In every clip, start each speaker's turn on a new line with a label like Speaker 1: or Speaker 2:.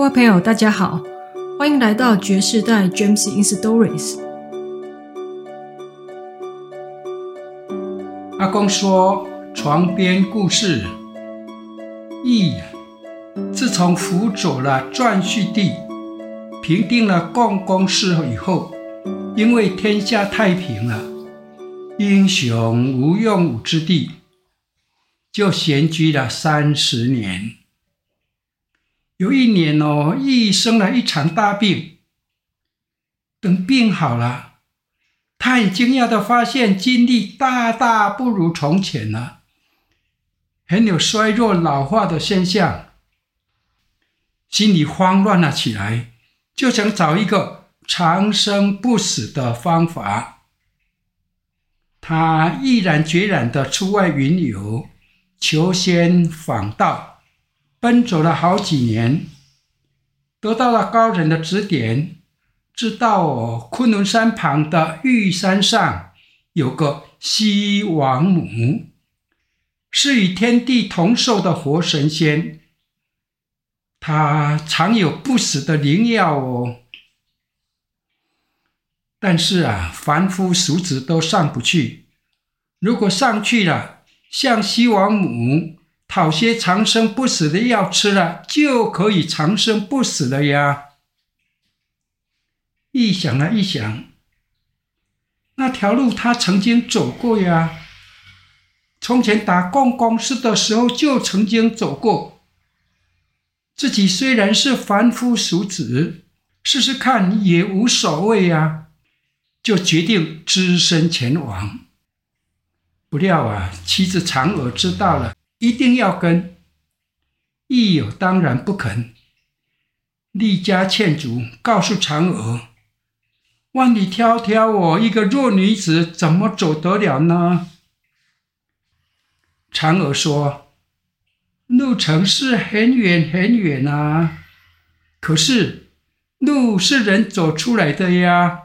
Speaker 1: 各位朋友，大家好，歡迎來到覺世代 Gems in Stories。阿公說，床邊故事。羿，自從輔佐了顓頊帝，平定了共工氏以後，因為天下太平了，英雄無用武之地，就閒居了三十年。有一年哦，羿生了一場大病。等病好了，他很驚訝的發現精力大大不如從前了，啊，很有衰弱老化的現象，心裡慌亂了起來，就想找一個長生不死的方法。他毅然決然的出外雲遊，求仙訪道。奔走了好幾年，得到了高人的指點，知道、哦、崑崙山旁的玉山上有個西王母，是與天地同壽的活神仙，他藏有不死的靈藥哦。但是啊，凡夫俗子都上不去。如果上去了，像西王母。討些長生不死的藥吃了，就可以長生不死了呀！一想啊一想，那條路他曾經走過呀，從前打逛光司的時候就曾經走過。自己雖然是凡夫俗子，試試看也無所謂呀，就決定只身前往。不料啊，妻子嫦娥知道了。一定要跟，一友當然不肯，力加勸阻，告訴嫦娥：“萬里迢迢，我一個弱女子怎麼走得了呢？”嫦娥說：“路程是很遠很遠啊，可是路是人走出來的呀，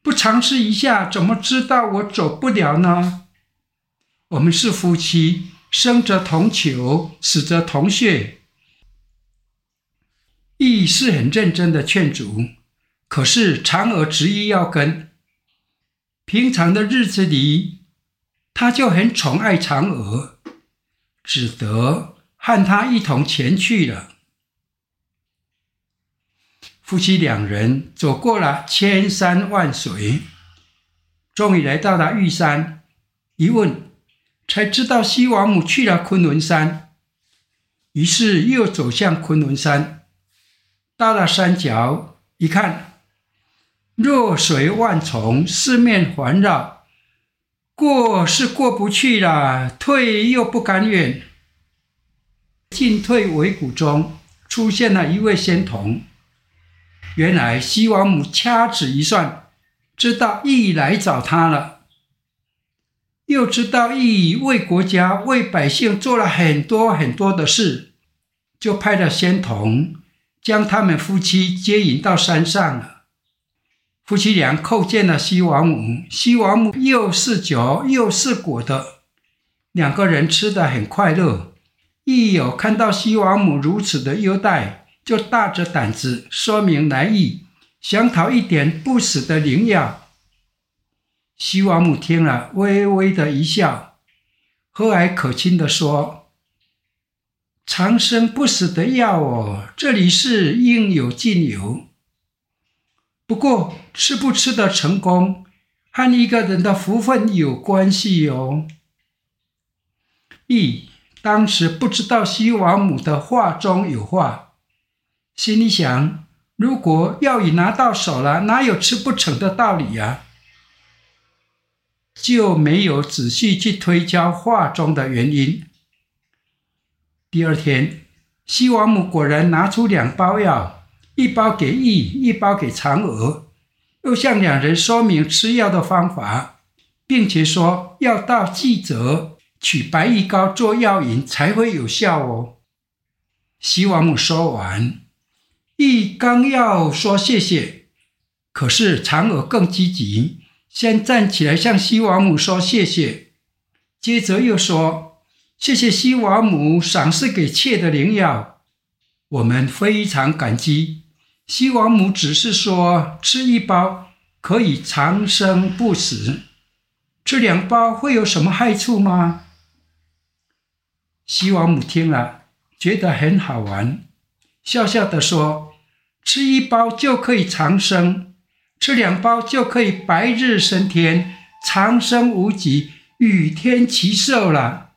Speaker 1: 不嘗試一下，怎麼知道我走不了呢？我們是夫妻。”生則同裘，死則同穴。羿是很認真的勸阻，可是嫦娥執意要跟。平常的日子裡，他就很寵愛嫦娥，只得和她一同前去了。夫妻兩人走過了千山萬水，終於來到了玉山，一問。才知道西王母去了崑崙山，於是又走向崑崙山。到了山腳，一看，弱水萬重，四面環繞，過是過不去了，退又不甘願。進退維谷中，出現了一位仙童。原來西王母掐指一算，知道羿來找他了。又知道羿為國家、為百姓做了很多很多的事，就派了仙童將他們夫妻接引到山上了。夫妻倆叩見了西王母，西王母又是酒又是果的，兩個人吃得很快樂。羿又看到西王母如此的優待，就大着膽子說明來意，想討一點不死的靈藥。西王母聽了，微微的一笑，和藹可親地說：“長生不死的藥哦，這裡是應有盡有。不過吃不吃得成功，和你一個人的福分有關係喲、哦。”羿當時不知道西王母的話中有話，心裡想：如果藥已拿到手了，哪有吃不成的道理呀、啊？就沒有仔細去推敲話中的原因。第二天，西王母果然拿出兩包藥，一包給羿，一包給嫦娥，又向兩人說明吃藥的方法，並且說要到濟澤取白玉膏做藥引才會有效哦。西王母說完，羿剛要說謝謝，可是嫦娥更積極。先站起來向西王母說謝謝，接着又說，謝謝西王母賞賜給妾的靈藥，我們非常感激。西王母只是說吃一包可以長生不死，吃兩包會有什麼害處嗎？西王母聽了覺得很好玩，笑笑的說吃一包就可以長生吃兩包就可以白日升天，長生無極、與天齊壽了，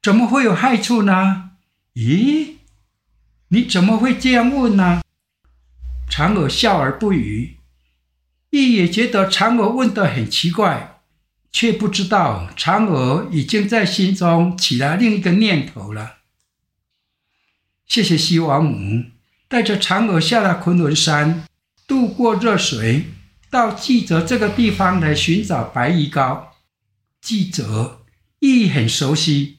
Speaker 1: 怎麼會有害處呢？咦，你怎麼會這樣問呢？嫦娥笑而不語。羿也覺得嫦娥問得很奇怪，卻不知道嫦娥已經在心中起了另一個念頭了。謝謝西王母，帶着嫦娥下了昆崙山，渡過熱水，到濟澤這個地方來尋找白玉膏。濟澤，羿很熟悉。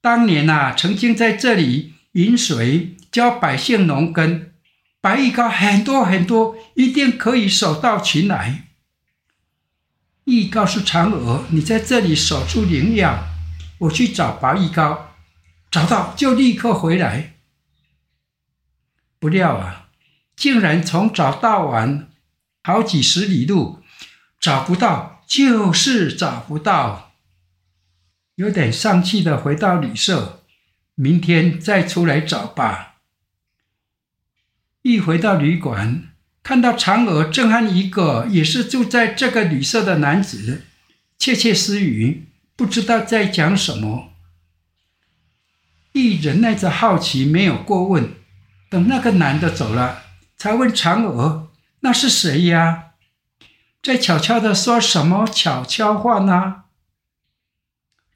Speaker 1: 當年吶、啊、曾經在這裡引水教百姓農耕，白玉膏很多很多，一定可以手到擒來。羿告訴嫦娥，你在這裡守住靈藥，我去找白玉膏，找到就立刻回來。不料啊，竟然，從早到晚。好幾十里路，找不到，就是找不到。有點喪氣的回到旅社，明天再出來找吧。一回到旅館，看到嫦娥正和一個，也是住在這個旅社的男子，竊竊私語，不知道在講什麼。一忍耐着好奇，沒有過問。等那個男的走了，才問嫦娥。那是誰呀？在悄悄的說什麼悄悄話呢？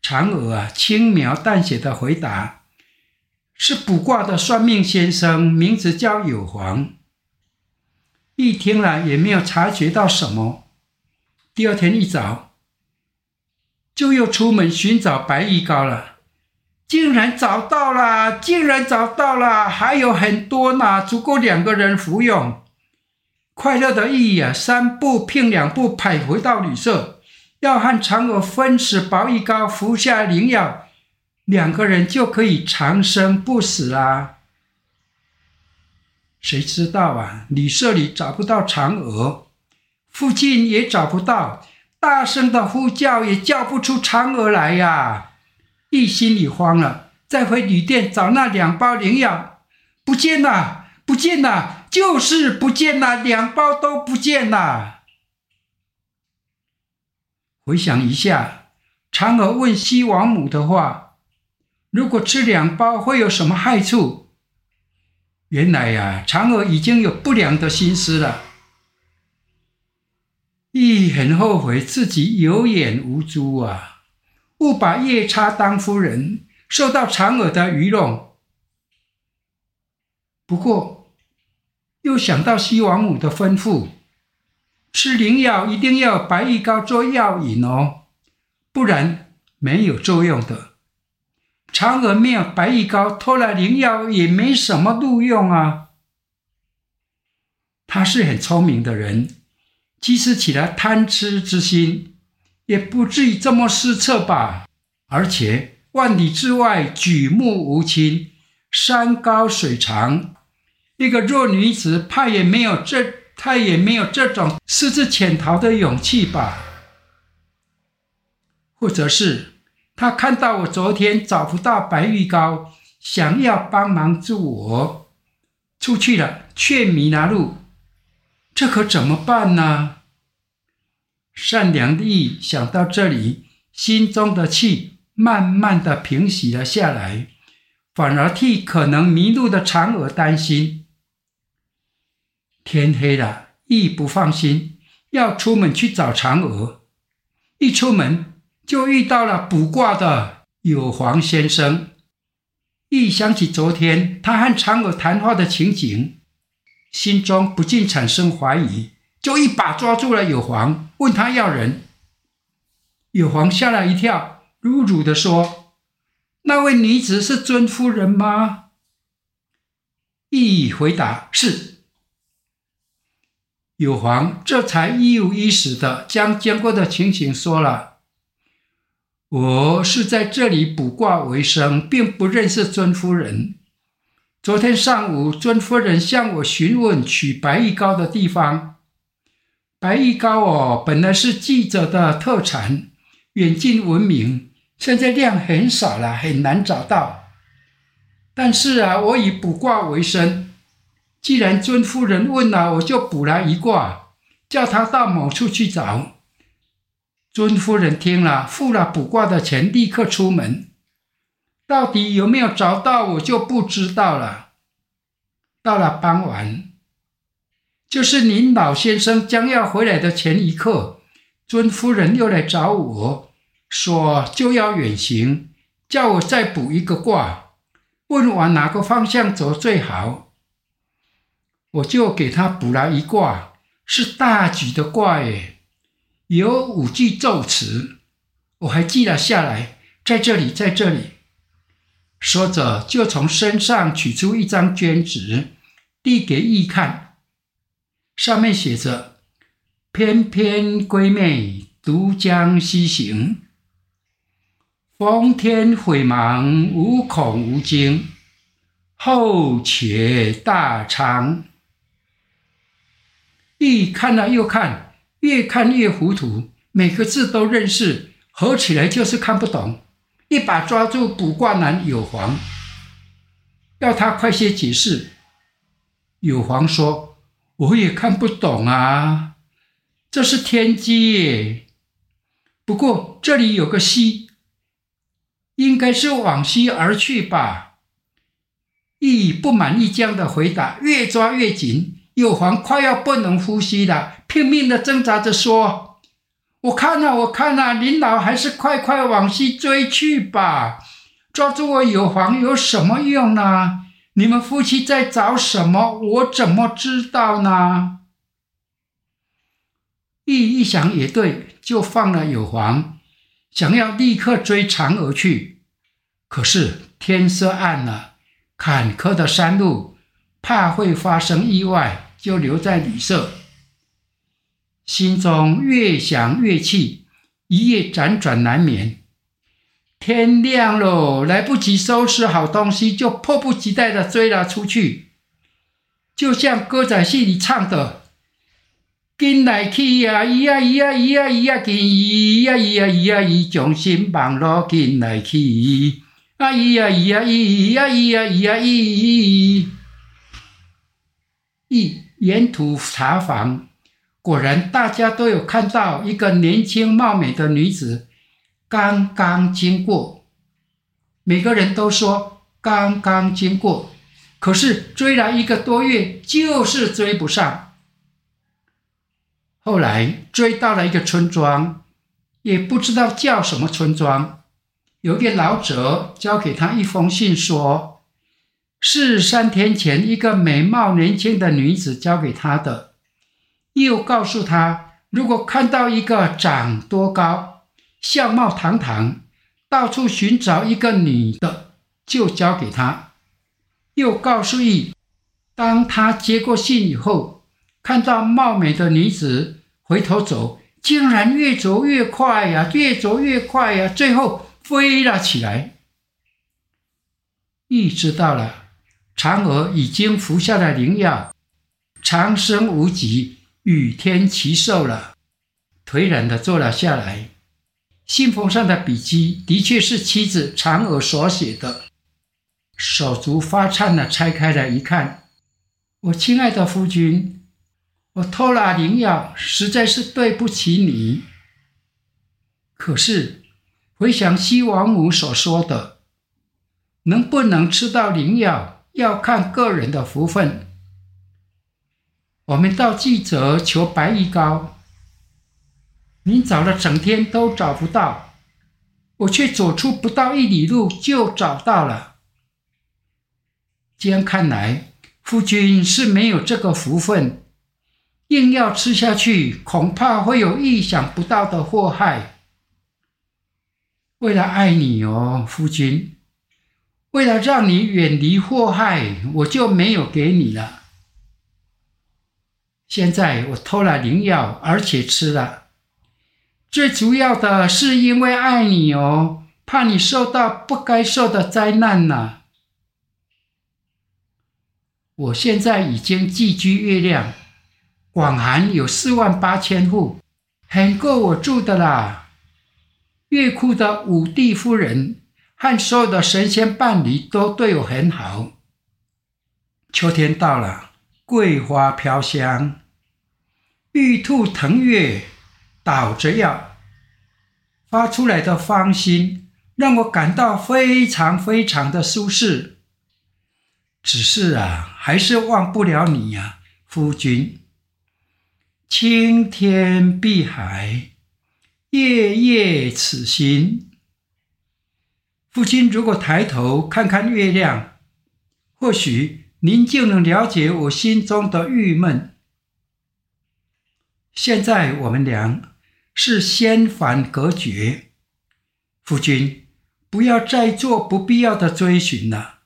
Speaker 1: 嫦娥啊，輕描淡寫的回答：“是卜卦的算命先生，名字叫有黃。”羿聽了也沒有察覺到什麼。第二天一早，就又出門尋找白玉膏了。竟然找到了，竟然找到了，還有很多呢，足夠兩個人服用。快樂的意義啊！三步併兩步跑回到旅社，要和嫦娥分食包一糕，服下靈藥，兩個人就可以長生不死啦、啊。誰知道啊？旅社裡找不到嫦娥，附近也找不到，大聲的呼叫也叫不出嫦娥來呀、啊！一心裡慌了，再回旅店找那兩包靈藥，不見了，不見了！就是不見了，兩包都不見了。回想一下，嫦娥問西王母的話：“如果吃兩包，會有什麼害處？”原來呀、啊，嫦娥已經有不良的心思了，羿很後悔自己有眼無珠啊，誤把夜叉當夫人，受到嫦娥的愚弄。不過，又想到西王母的吩咐，吃靈藥一定要白玉膏做藥引哦，不然沒有作用的。嫦娥沒有白玉膏，偷了靈藥也沒什麼路用啊。他是很聰明的人，即使起了貪吃之心，也不至於這麼失策吧？而且萬里之外舉目無親，山高水長。一個弱女子，怕也沒有這，她也沒有這種私自潛逃的勇氣吧？或者是她看到我昨天找不到白玉膏，想要幫忙助我，出去了卻迷了路，這可怎麼辦呢？善良的意想到這裡，心中的氣慢慢的平息了下來，反而替可能迷路的嫦娥擔心。天黑了，羿不放心，要出門去找嫦娥。一出門就遇到了卜卦的有黃先生。一想起昨天他和嫦娥談話的情景，心中不禁產生懷疑，就一把抓住了有黃，問他要人。有黃嚇了一跳，魯魯的說：“那位女子是尊夫人嗎？”羿回答：“是。”有黃這才一五一十地將經過的情形說了。我是在這裡卜卦為生，並不認識尊夫人。昨天上午，尊夫人向我詢問取白玉膏的地方。白玉膏哦，本來是記者的特產，遠近聞名，現在量很少了，很難找到。但是啊，我以卜卦為生。既然尊夫人問了，我就卜了一卦，叫他到某處去找。尊夫人聽了，付了卜卦的錢，立刻出門。到底有沒有找到，我就不知道了。到了傍晚，就是您老先生將要回來的前一刻，尊夫人又來找我，說就要遠行，叫我再卜一個卦，問往哪個方向走最好。我就給他卜了一卦，是大吉的卦耶，有五句咒詞，我還記了下來，在這裡，在這裡。說着，就從身上取出一張卷紙，遞給一看，上面寫着：“翩翩歸妹，獨將西行，逢天悔忙，無恐無驚，後且大昌。”羿看了、啊、又看，越看越糊塗。每個字都認識，合起來就是看不懂。一把抓住卜卦男有黃，要他快些解釋。有黃說：“我也看不懂啊，這是天機耶。不過這裡有個西，應該是往西而去吧。”羿不滿意這樣的回答，越抓越緊。有黃快要不能呼吸了，拼命的掙扎着說：“我看吶、啊、我看吶、啊，領導還是快快往西追去吧！抓住我有黃有什麼用呢？你們夫妻在找什麼？我怎麼知道呢？”羿一,一想也對，就放了有黃，想要立刻追嫦娥去。可是天色暗了，坎坷的山路，怕會發生意外。就留在旅社，心中越想越氣，一夜輾轉難眠。天亮嘍，來不及收拾好東西，就迫不及待地追了出去。就像歌仔戲裡唱的：“跟來去呀，伊呀伊呀伊呀伊呀，跟呀伊呀伊呀伊，將心放落跟來去，啊伊呀伊呀伊呀伊呀伊呀伊。”伊沿途查訪，果然大家都有看到一個年輕貌美的女子剛剛經過，每個人都說剛剛經過，可是，追了一個多月就是追不上。後來追到了一個村莊，也不知道叫什麼村莊，有一個老者交給他一封信，說，是三天前，一個美貌年輕的女子交給他的，又告訴他，如果看到一個長多高、相貌堂堂、到處尋找一個女的，就交給他。又告訴羿，當他接過信以後，看到貌美的女子回頭走，竟然越走越快呀、啊，越走越快呀、啊，最後飛了起來。羿知道了。嫦娥已經服下了靈藥，長生無極，與天齊壽了。頹然地坐了下來。信封上的筆跡的確是妻子嫦娥所寫的。手足發顫地拆開來一看，我親愛的夫君，我偷了靈藥，實在是對不起你。可是回想西王母所說的，能不能吃到靈藥？要看個人的福分。我們到記者求白玉膏，你找了整天都找不到，我卻走出不到一里路就找到了。這樣看來，夫君是沒有這個福分，硬要吃下去，恐怕會有意想不到的禍害。為了愛你哦，夫君。為了讓你遠離禍害，我就沒有給你了。現在我偷了靈藥，而且吃了。最主要的是因為愛你哦，怕你受到不該受的災難呢。我現在已經寄居月亮廣寒，有四萬八千戶，很夠我住的啦。月窟的五帝夫人，和所有的神仙伴侶都對我很好。秋天到了，桂花飄香，玉兔騰月，搗著藥發出來的芳心，讓我感到非常非常的舒適。只是啊，還是忘不了你呀、啊，夫君。青天碧海，夜夜此心。夫君，如果抬頭看看月亮，或許您就能了解我心中的鬱悶。現在我們倆是仙凡隔絕，夫君不要再做不必要的追尋了。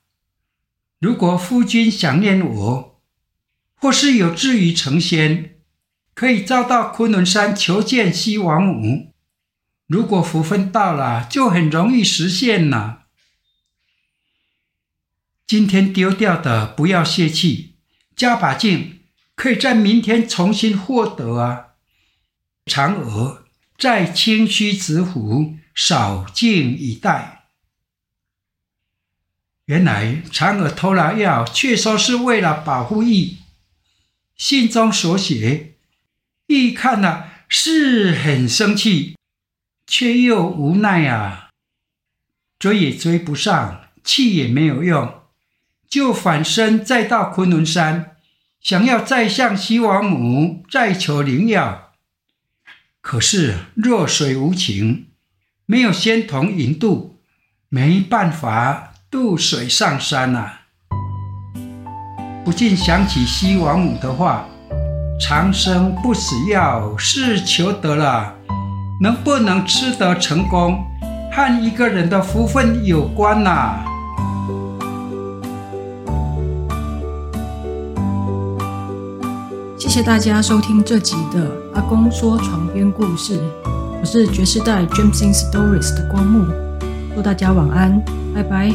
Speaker 1: 如果夫君想念我，或是有志於成仙，可以造到崑崙山求見西王母。如果福分到了，就很容易實現了。今天丟掉的不要洩氣，加把勁，可以在明天重新獲得啊！嫦娥在清虛之府守靜以待。原來嫦娥偷了藥，卻說是為了保護羿。信中所寫，羿看了、啊、是很生氣。卻又無奈啊，追也追不上，氣也沒有用，就返身再到昆崙山，想要再向西王母再求靈藥。可是弱水無情，沒有仙童引渡，沒辦法渡水上山吶、啊。不禁想起西王母的話：“長生不死藥是求得了。”能不能吃得成功，和一個人的福分有關吶、啊？謝謝大家收聽這集的《阿公說床邊故事》，我是覺世代 Gems in stories 的光幕，祝大家晚安，拜拜。